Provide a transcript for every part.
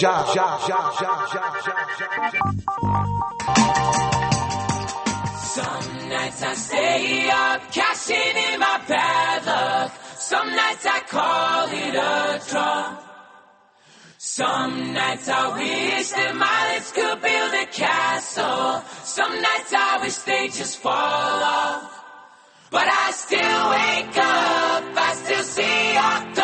Ja, ja, ja, ja, ja, ja, ja. Some nights I stay up, cashing in my bad luck. Some nights I call it a draw. Some nights I wish that my lips could build a castle. Some nights I wish they just fall off. But I still wake up, I still see October.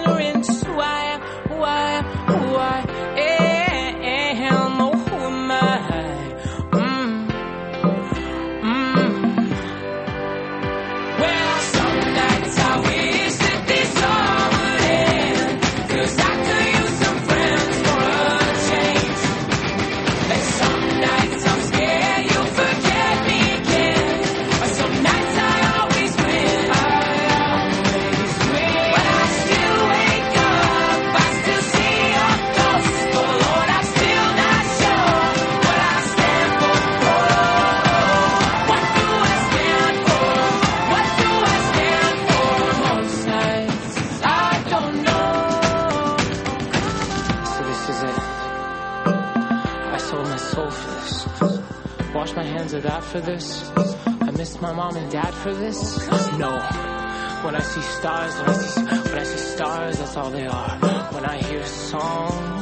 for this? I miss my mom and dad for this? No. When I see stars, when I see, when I see stars, that's all they are. When I hear songs.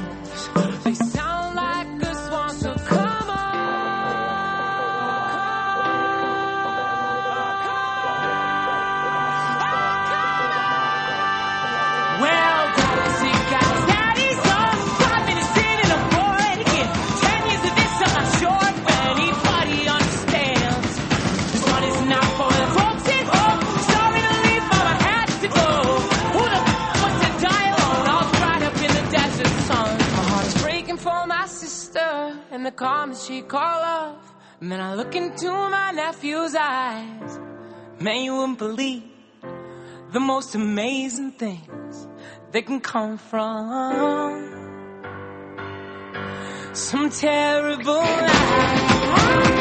the calmest she call off. And then I look into my nephew's eyes. Man, you wouldn't believe the most amazing things that can come from some terrible night.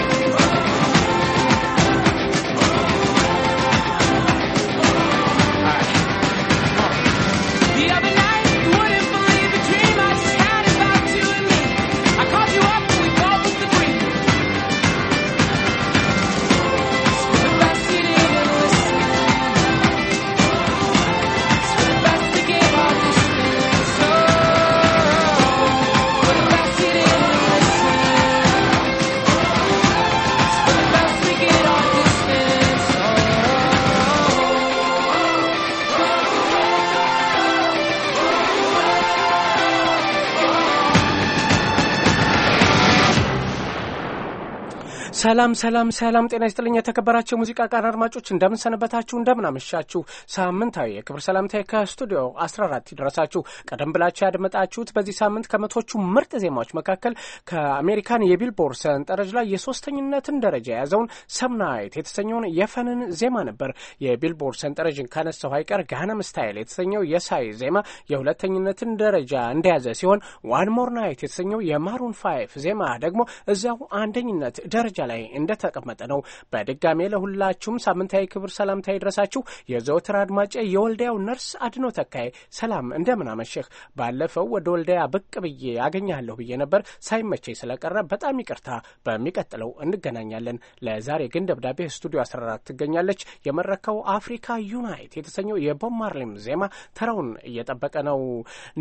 ሰላም ሰላም ሰላም፣ ጤና ይስጥልኝ የተከበራቸው የሙዚቃ ቃር አድማጮች እንደምንሰንበታችሁ እንደምናመሻችሁ። ሳምንታዊ የክብር ሰላምታዬ ከስቱዲዮ 14 ይደረሳችሁ። ቀደም ብላችሁ ያደመጣችሁት በዚህ ሳምንት ከመቶቹ ምርጥ ዜማዎች መካከል ከአሜሪካን የቢልቦርድ ሰንጠረዥ ላይ የሶስተኝነትን ደረጃ የያዘውን ሰምናይት የተሰኘውን የፈንን ዜማ ነበር። የቢልቦርድ ሰንጠረዥን ከነሳው አይቀር ጋነም ስታይል የተሰኘው የሳይ ዜማ የሁለተኝነትን ደረጃ እንደያዘ ሲሆን ዋን ሞር ናይት የተሰኘው የማሩን ፋይፍ ዜማ ደግሞ እዚያው አንደኝነት ደረጃ ላይ እንደተቀመጠ ነው። በድጋሜ ለሁላችሁም ሳምንታዊ ክብር ሰላምታ ይድረሳችሁ። የዘወትር አድማጭ የወልዳያው ነርስ አድኖ ተካይ ሰላም፣ እንደምናመሸህ። ባለፈው ወደ ወልዳያ ብቅ ብዬ አገኘሃለሁ ብዬ ነበር ሳይመቸኝ ስለቀረ በጣም ይቅርታ። በሚቀጥለው እንገናኛለን። ለዛሬ ግን ደብዳቤ ስቱዲዮ 14 ትገኛለች። የመረከው አፍሪካ ዩናይት የተሰኘው የቦብ ዜማ ተራውን እየጠበቀ ነው።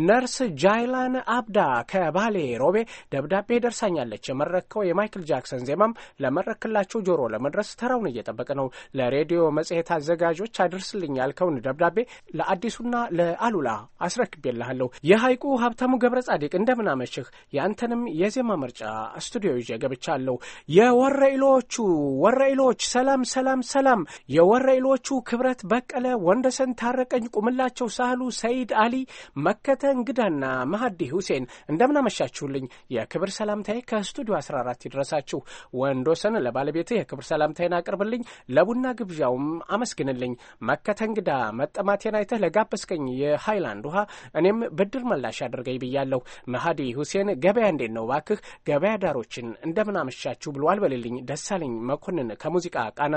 ነርስ ጃይላን አብዳ ከባሌ ሮቤ ደብዳቤ ደርሳኛለች። የመረከው የማይክል ጃክሰን ዜማም ለመረክላቸው ጆሮ ለመድረስ ተራውን እየጠበቀ ነው። ለሬዲዮ መጽሔት አዘጋጆች አድርስልኝ ያልከውን ደብዳቤ ለአዲሱና ለአሉላ አስረክቤልሃለሁ። የሐይቁ ሀብታሙ ገብረ ጻዲቅ እንደምናመሽህ ያንተንም የዜማ ምርጫ ስቱዲዮ ይዤ ገብቻለሁ። የወረኢሎቹ ወረኢሎች ሰላም ሰላም ሰላም። የወረኢሎቹ ክብረት በቀለ፣ ወንደሰን ታረቀኝ፣ ቁምላቸው ሳህሉ፣ ሰይድ አሊ መከተ፣ እንግዳና መሀዲ ሁሴን እንደምናመሻችሁልኝ። የክብር ሰላምታዬ ከስቱዲዮ 14 ይድረሳችሁ። ወንዶ እንደወሰነ ለባለቤትህ የክብር ሰላምታዬን አቅርብልኝ፣ ለቡና ግብዣውም አመስግንልኝ። መከተ እንግዳ መጠማቴን አይተህ ለጋበዝከኝ የሃይላንድ ውሃ እኔም ብድር መላሽ አድርገኝ ብያለሁ። መሀዲ ሁሴን ገበያ እንዴት ነው ባክህ፣ ገበያ ዳሮችን እንደምን አመሻችሁ ብሎ አልበልልኝ። ደሳለኝ መኮንን ከሙዚቃ ቃና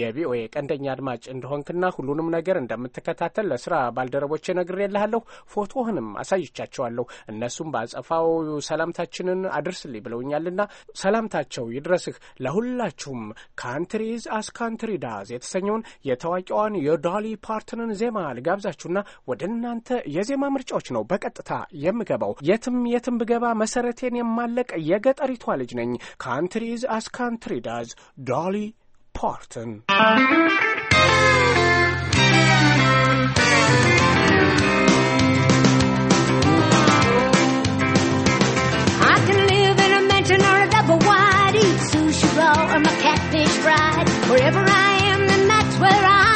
የቪኦኤ ቀንደኛ አድማጭ እንደሆንክና ሁሉንም ነገር እንደምትከታተል ለስራ ባልደረቦቼ ነግሬልሃለሁ። ፎቶህንም አሳይቻቸዋለሁ። እነሱም በአጸፋው ሰላምታችንን አድርስልኝ ብለውኛልና ሰላምታቸው ይድረስህ። ለሁላችሁም ካንትሪዝ አስ ካንትሪ ዳዝ የተሰኘውን የታዋቂዋን የዶሊ ፓርትንን ዜማ ልጋብዛችሁና ወደ እናንተ የዜማ ምርጫዎች ነው በቀጥታ የምገባው። የትም የትም ብገባ መሰረቴን የማለቅ የገጠሪቷ ልጅ ነኝ። ካንትሪዝ አስ ካንትሪ ዳዝ ዶሊ ፓርትን Wherever I am, then that's where I am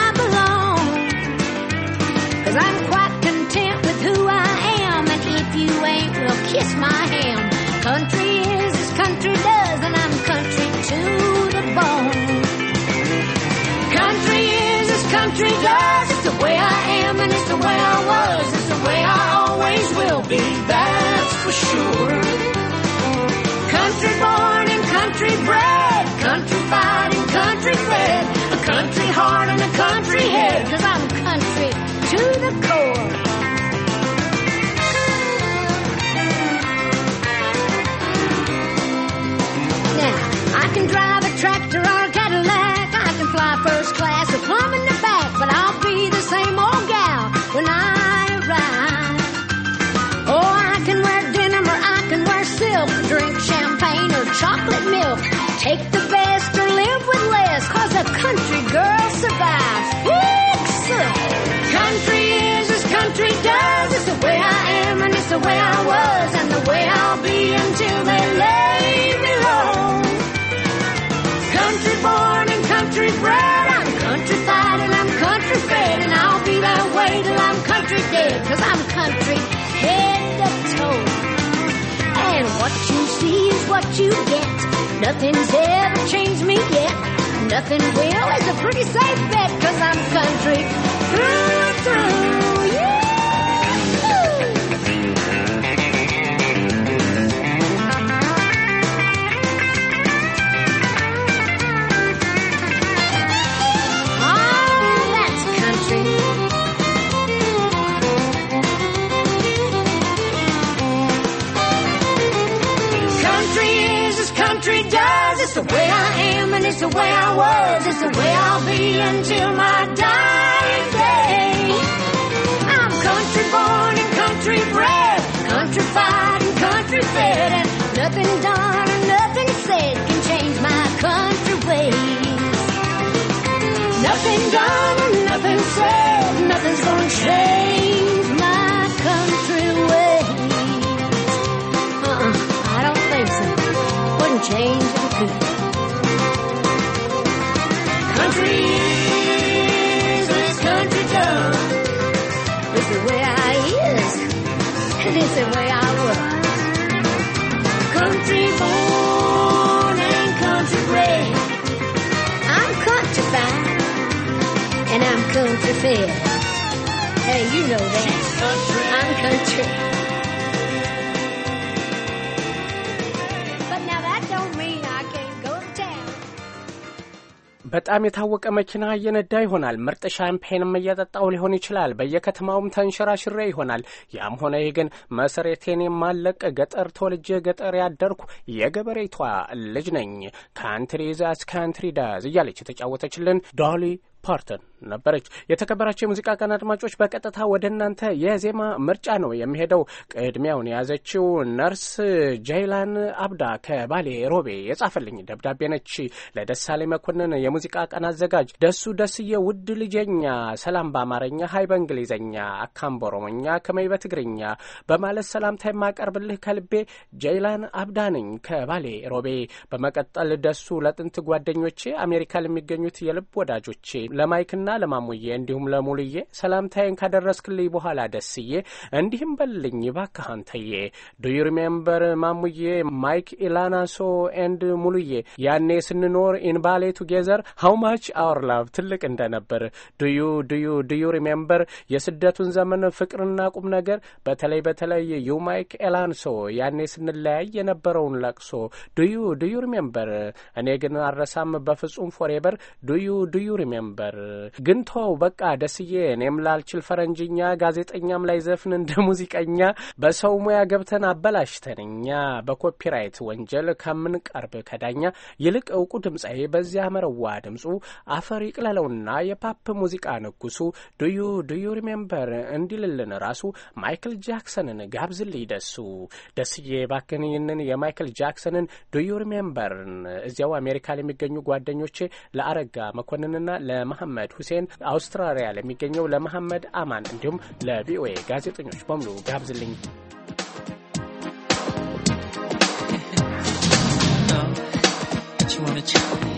born in a country head, cause I'm country to the the way I was and the way I'll be until they lay me low. Country born and country bred, I'm countrified and I'm country fed, and I'll be that way till I'm country dead, cause I'm country head to toe. And what you see is what you get. Nothing's ever changed me yet. Nothing will is a pretty safe bet, cause I'm country through and through. It's the way I was, it's the way I'll be until my dying. don't you fear. Hey, you know that. Country. I'm country. በጣም የታወቀ መኪና እየነዳ ይሆናል። ምርጥ ሻምፔንም እየጠጣው ሊሆን ይችላል። በየከተማውም ተንሸራሽሬ ይሆናል። ያም ሆነ ይህ ግን መሰረቴን የማለቅ ገጠር ተወልጄ ገጠር ያደርኩ የገበሬቷ ልጅ ነኝ። ካንትሪ ዛስ ካንትሪ ዳዝ እያለች የተጫወተችልን ዶሊ ፓርተን ነበረች። የተከበራቸው የሙዚቃ ቀን አድማጮች፣ በቀጥታ ወደ እናንተ የዜማ ምርጫ ነው የሚሄደው። ቅድሚያውን የያዘችው ነርስ ጃይላን አብዳ ከባሌ ሮቤ የጻፈልኝ ደብዳቤ ነች። ለደሳሌ መኮንን የሙዚቃ ቀን አዘጋጅ ደሱ ደስዬ ውድ ልጀኛ፣ ሰላም በአማርኛ ሀይ በእንግሊዝኛ አካም በኦሮሞኛ ከመይ በትግርኛ በማለት ሰላምታ የማቀርብልህ ከልቤ ጃይላን አብዳ ነኝ ከባሌ ሮቤ። በመቀጠል ደሱ ለጥንት ጓደኞቼ አሜሪካ ለሚገኙት የልብ ወዳጆቼ ለማይክ ለአባትና ለማሙዬ እንዲሁም ለሙልዬ ሰላምታዬን ካደረስክልኝ በኋላ ደስዬ እንዲህም በልኝ እባክህ አንተዬ ዱ ዩ ሪሜምበር ማሙዬ ማይክ ኢላናሶ ኤንድ ሙሉዬ ያኔ ስንኖር ኢንባሌ ቱጌዘር ሀው ማች አወር ላቭ ትልቅ እንደነበር ዱዩ ዱዩ ዱዩ ሪሜምበር የስደቱን ዘመን ፍቅርና ቁም ነገር በተለይ በተለይ ዩ ማይክ ኤላንሶ ያኔ ስንለያይ የነበረውን ለቅሶ ዱዩ ዱዩ ሪሜምበር እኔ ግን አረሳም በፍጹም ፎሬበር ዱዩ ዱዩ ሪሜምበር ግን ተው በቃ ደስዬ እኔም ላልችል ፈረንጅኛ ጋዜጠኛም ላይ ዘፍን እንደ ሙዚቀኛ በሰው ሙያ ገብተን አበላሽተን እኛ በኮፒራይት ወንጀል ከምንቀርብ ከዳኛ ይልቅ እውቁ ድምፃዊ በዚያ መረዋ ድምፁ አፈር ይቅለለውና የፓፕ ሙዚቃ ንጉሱ ዱዩ ዱዩ ሪሜምበር እንዲልልን ራሱ ማይክል ጃክሰንን ጋብዝልኝ ደሱ ደስዬ ባክን ይህንን የማይክል ጃክሰንን ዱዩ ሪሜምበርን እዚያው አሜሪካ ለሚገኙ ጓደኞቼ ለአረጋ መኮንንና ለመሐመድ ሁሴን አውስትራሊያ ለሚገኘው ለመሐመድ አማን እንዲሁም ለቪኦኤ ጋዜጠኞች በሙሉ ጋብዝልኝ። you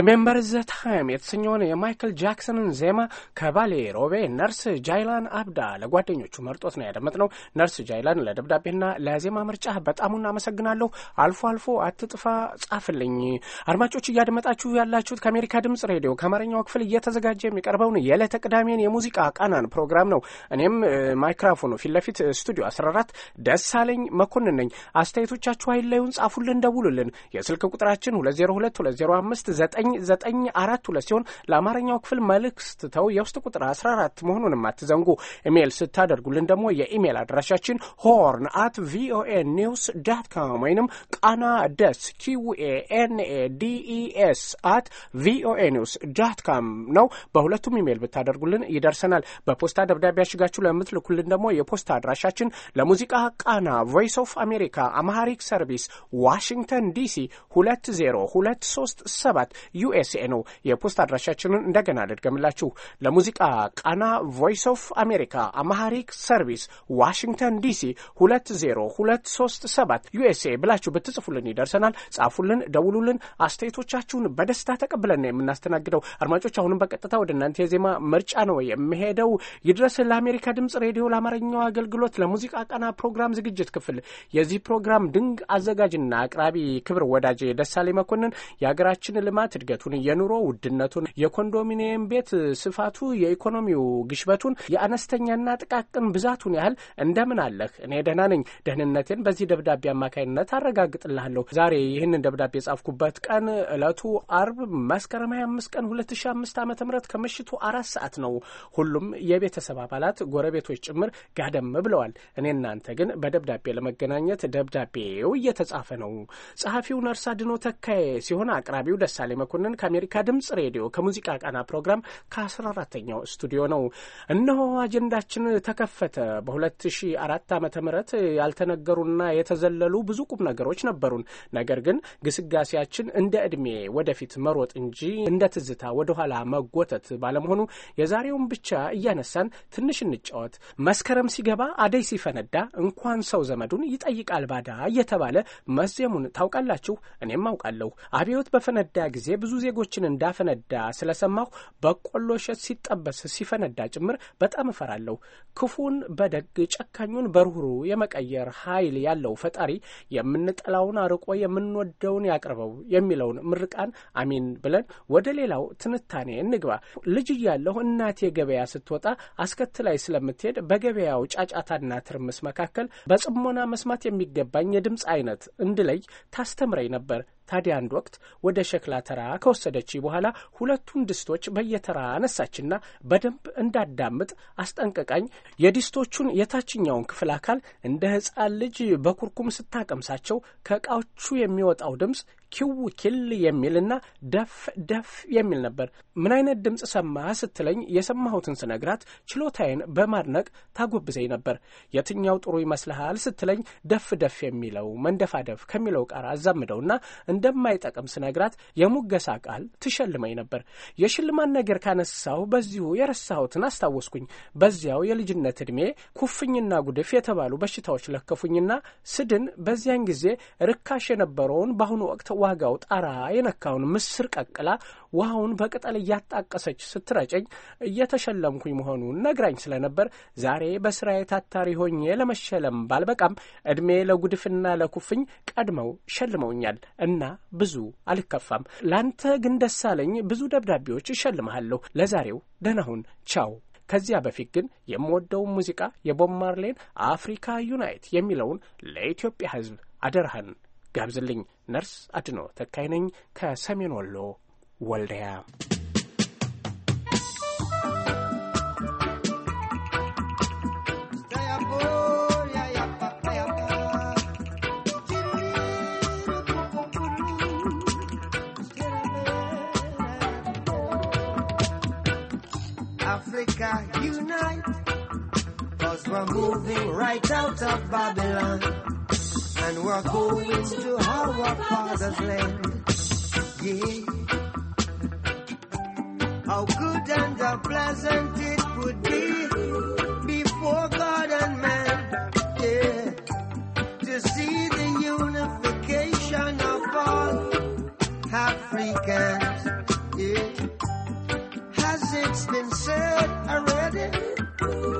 remember that ታይም የተሰኘውን የማይክል ጃክሰንን ዜማ ከባሌ ሮቤ ነርስ ጃይላን አብዳ ለጓደኞቹ መርጦት ነው ያደመጥነው። ነርስ ጃይላን ለደብዳቤና ለዜማ ምርጫ በጣሙን አመሰግናለሁ። አልፎ አልፎ አትጥፋ ጻፍልኝ። አድማጮች እያደመጣችሁ ያላችሁት ከአሜሪካ ድምጽ ሬዲዮ ከአማርኛው ክፍል እየተዘጋጀ የሚቀርበውን የዕለተ ቅዳሜን የሙዚቃ ቃናን ፕሮግራም ነው። እኔም ማይክራፎኑ ፊት ለፊት ስቱዲዮ 14 ደሳለኝ መኮንን ነኝ። አስተያየቶቻችሁ አይለዩን፣ ጻፉልን፣ ደውሉልን። የስልክ ቁጥራችን 202 205 99 አራት ሁለት ሲሆን ለአማርኛው ክፍል መልእክት ስትተው የውስጥ ቁጥር አስራ አራት መሆኑንም አትዘንጉ። ኢሜይል ስታደርጉልን ደግሞ የኢሜይል አድራሻችን ሆርን አት ቪኦኤ ኒውስ ዳት ካም ወይንም ቃና ደስ ኪውኤ ኤንኤ ዲኢኤስ አት ቪኦኤ ኒውስ ዳት ካም ነው። በሁለቱም ኢሜይል ብታደርጉልን ይደርሰናል። በፖስታ ደብዳቤ ያሽጋችሁ ለምትልኩልን ደግሞ የፖስታ አድራሻችን ለሙዚቃ ቃና ቮይስ ኦፍ አሜሪካ አማሃሪክ ሰርቪስ ዋሽንግተን ዲሲ 20237 ዩኤስኤ ነው። የፖስት አድራሻችንን እንደገና ልድገምላችሁ። ለሙዚቃ ቃና ቮይስ ኦፍ አሜሪካ አማሃሪክ ሰርቪስ ዋሽንግተን ዲሲ 20237 ዩኤስኤ ብላችሁ ብትጽፉልን ይደርሰናል። ጻፉልን፣ ደውሉልን። አስተያየቶቻችሁን በደስታ ተቀብለን ነው የምናስተናግደው። አድማጮች፣ አሁንም በቀጥታ ወደ እናንተ የዜማ ምርጫ ነው የምሄደው። ይድረስ ለአሜሪካ ድምጽ ሬዲዮ ለአማርኛው አገልግሎት ለሙዚቃ ቃና ፕሮግራም ዝግጅት ክፍል የዚህ ፕሮግራም ድንቅ አዘጋጅና አቅራቢ ክብር ወዳጅ ደሳሌ መኮንን የሀገራችን ልማት እድገቱን የኑሮ ውድነቱን፣ የኮንዶሚኒየም ቤት ስፋቱ፣ የኢኮኖሚው ግሽበቱን፣ የአነስተኛና ጥቃቅን ብዛቱን ያህል እንደምን አለህ እኔ ደህና ነኝ፣ ደህንነቴን በዚህ ደብዳቤ አማካኝነት አረጋግጥልሃለሁ። ዛሬ ይህንን ደብዳቤ የጻፍኩበት ቀን ዕለቱ አርብ መስከረም 25 ቀን 2005 ዓ ም ከምሽቱ አራት ሰዓት ነው። ሁሉም የቤተሰብ አባላት ጎረቤቶች ጭምር ጋደም ብለዋል። እኔ እናንተ ግን በደብዳቤ ለመገናኘት ደብዳቤው እየተጻፈ ነው። ጸሐፊው ነርሳ ድኖ ተካዬ ሲሆን አቅራቢው ደሳሌ መኮንን ከአሜሪካ ድምፅ ድምፅ ሬዲዮ ከሙዚቃ ቃና ፕሮግራም ከአስራ አራተኛው ስቱዲዮ ነው። እነሆ አጀንዳችን ተከፈተ። በ በ2004 ዓ ም ያልተነገሩና የተዘለሉ ብዙ ቁም ነገሮች ነበሩን። ነገር ግን ግስጋሴያችን እንደ ዕድሜ ወደፊት መሮጥ እንጂ እንደ ትዝታ ወደኋላ መጎተት ባለመሆኑ የዛሬውን ብቻ እያነሳን ትንሽ እንጫወት። መስከረም ሲገባ አደይ ሲፈነዳ እንኳን ሰው ዘመዱን ይጠይቃል ባዳ እየተባለ መዜሙን ታውቃላችሁ? እኔም አውቃለሁ። አብዮት በፈነዳ ጊዜ ብዙ ዜጎችን እንዳ እንዳፈነዳ ስለሰማሁ በቆሎ እሸት ሲጠበስ ሲፈነዳ ጭምር በጣም እፈራለሁ። ክፉን በደግ ጨካኙን በርሁሩ የመቀየር ኃይል ያለው ፈጣሪ የምንጠላውን አርቆ የምንወደውን ያቅርበው የሚለውን ምርቃን አሚን ብለን ወደ ሌላው ትንታኔ እንግባ። ልጅ እያለሁ እናቴ ገበያ ስትወጣ አስከትላይ ስለምትሄድ በገበያው ጫጫታና ትርምስ መካከል በጽሞና መስማት የሚገባኝ የድምፅ አይነት እንድለይ ታስተምረኝ ነበር። ታዲያ አንድ ወቅት ወደ ሸክላ ተራ ከወሰደች በኋላ ሁለቱን ድስቶች በየተራ አነሳችና በደንብ እንዳዳምጥ አስጠንቀቃኝ። የድስቶቹን የታችኛውን ክፍል አካል እንደ ሕፃን ልጅ በኩርኩም ስታቀምሳቸው ከእቃዎቹ የሚወጣው ድምፅ ኪው ኪል የሚልና ደፍ ደፍ የሚል ነበር። ምን አይነት ድምፅ ሰማህ ስትለኝ የሰማሁትን ስነግራት ችሎታዬን በማድነቅ ታጎብዘኝ ነበር። የትኛው ጥሩ ይመስልሃል ስትለኝ ደፍ ደፍ የሚለው መንደፋደፍ ከሚለው ቃል አዛምደውና እንደማይጠቅም ስነግራት የሙገሳ ቃል ትሸልመኝ ነበር። የሽልማት ነገር ካነሳሁ በዚሁ የረሳሁትን አስታወስኩኝ። በዚያው የልጅነት ዕድሜ ኩፍኝና ጉድፍ የተባሉ በሽታዎች ለከፉኝና ስድን በዚያን ጊዜ ርካሽ የነበረውን በአሁኑ ወቅት ዋጋው ጣራ የነካውን ምስር ቀቅላ ውሃውን በቅጠል እያጣቀሰች ስትረጨኝ እየተሸለምኩኝ መሆኑን ነግራኝ ስለነበር ዛሬ በስራዬ ታታሪ ሆኜ ለመሸለም ባልበቃም እድሜ ለጉድፍና ለኩፍኝ ቀድመው ሸልመውኛል እና ብዙ አልከፋም። ላንተ ግን ደሳለኝ ብዙ ደብዳቤዎች እሸልመሃለሁ። ለዛሬው ደህናሁን ቻው። ከዚያ በፊት ግን የምወደውን ሙዚቃ የቦብ ማርሌን አፍሪካ ዩናይት የሚለውን ለኢትዮጵያ ሕዝብ አደርሃን ጋብዝልኝ። ነርስ አድነው ተካይ ነኝ ከሰሜን ወሎ ወልዲያ። Africa unite, cause we're moving right out of Babylon and we're going to our Father's land. Yeah. How good and how pleasant it would be before God and man. Yeah. To see the unification of all Africans. Yeah. Has it been said already?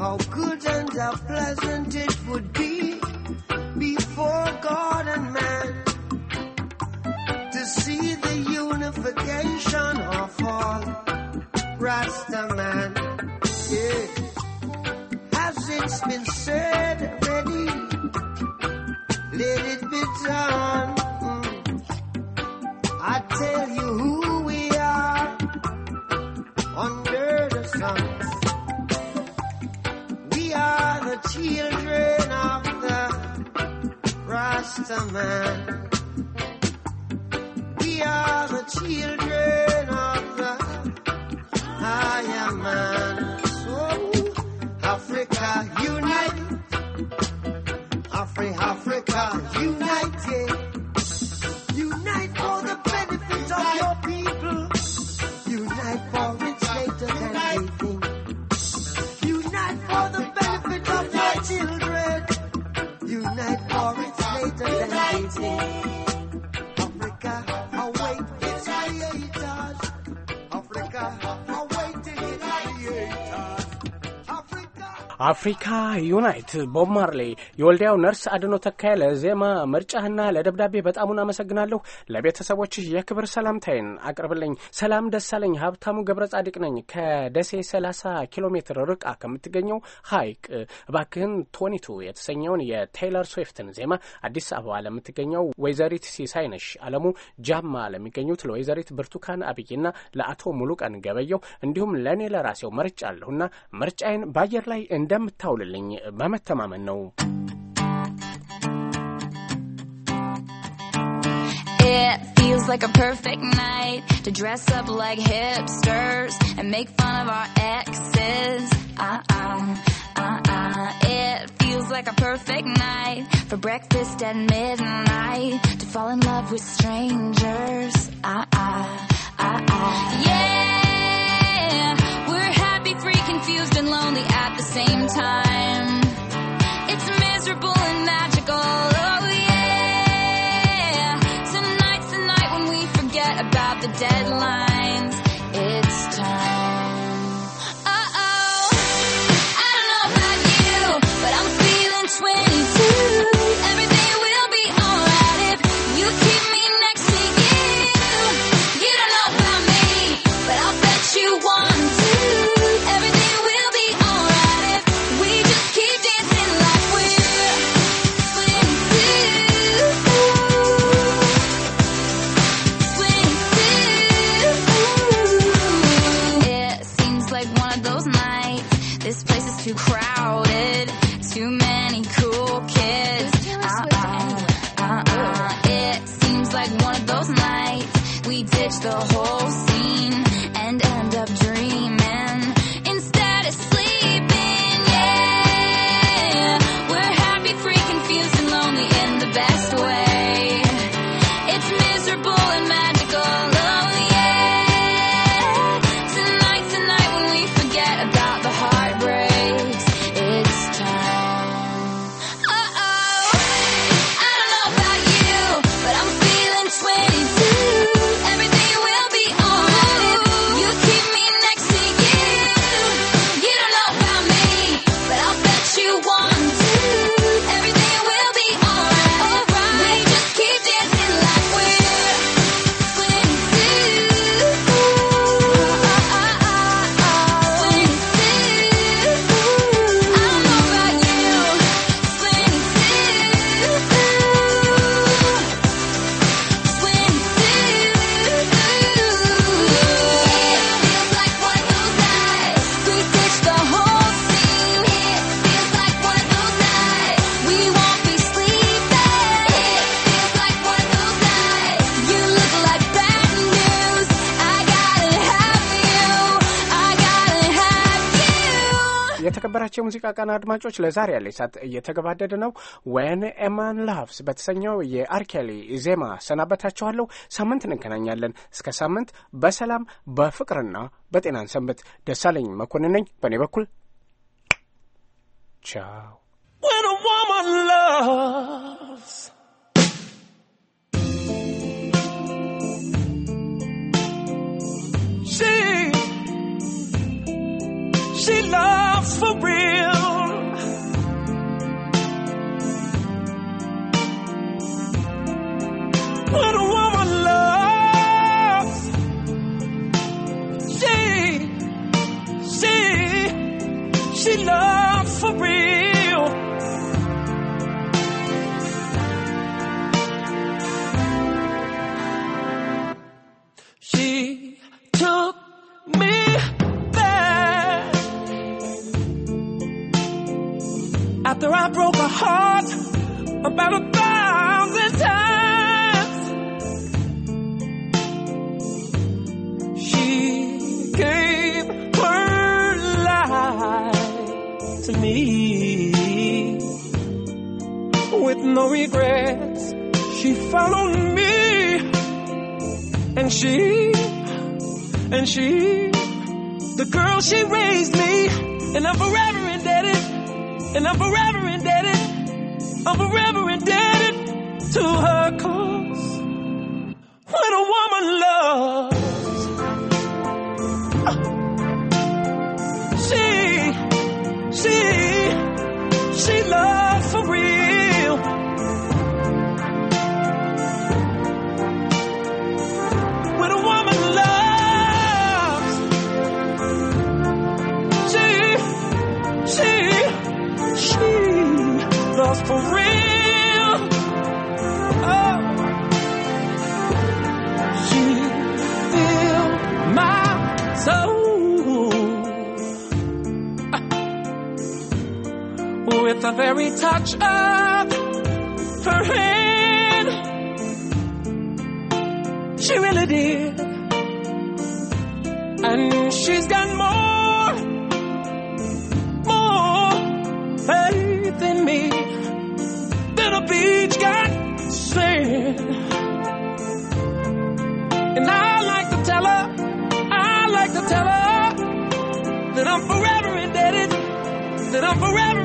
How good and how pleasant it would be before God and man to see the unification of all man. Yeah. As it's been said. gentlemen. We are the children. 曾经。አፍሪካ ዩናይት ቦብ ማርሌ፣ የወልዲያው ነርስ አድኖ ተካይ፣ ለዜማ ምርጫህና ለደብዳቤ በጣሙን አመሰግናለሁ። ለቤተሰቦችህ የክብር ሰላምታይን አቅርብልኝ። ሰላም ደሳለኝ ሀብታሙ ገብረ ጻድቅ ነኝ ከደሴ 30 ኪሎ ሜትር ርቃ ከምትገኘው ሀይቅ እባክህን ቶኒቱ የተሰኘውን የቴይለር ስዊፍትን ዜማ አዲስ አበባ ለምትገኘው ወይዘሪት ሲሳይነሽ አለሙ፣ ጃማ ለሚገኙት ለወይዘሪት ብርቱካን አብይና ለአቶ ሙሉቀን ገበየው እንዲሁም ለእኔ ለራሴው መርጫ አለሁና ምርጫዬን በአየር ላይ እንደምታውልልኝ በመተማመን ነው። It feels like a perfect night to dress up like hipsters and make fun of our exes. Uh-uh, uh-uh. It feels like a perfect night for breakfast at midnight to fall in love with strangers. Uh-uh, uh-uh. Yeah, we're happy, free, confused, and lonely same time. It's miserable and magical. Oh yeah. Tonight's the night when we forget about the deadline. loaded. Too many. የሙዚቃ ቀን አድማጮች ለዛሬ ያለ ሰዓት እየተገባደደ ነው። ወን ኤማን ላቭስ በተሰኘው የአርኬሊ ዜማ ሰናበታችኋለሁ። ሳምንት እንገናኛለን። እስከ ሳምንት በሰላም በፍቅርና በጤናን ሰንበት። ደሳለኝ መኮንን ነኝ። በእኔ በኩል ቻው። she loves for real. and she, the girl she raised me, and I'm forever indebted, and I'm forever indebted, I'm forever indebted to her cause. yours for real. Oh, you fill my soul with the very touch of her hand. She really did, and she's got more. that got said. And I like to tell her, I like to tell her that I'm forever indebted, that I'm forever.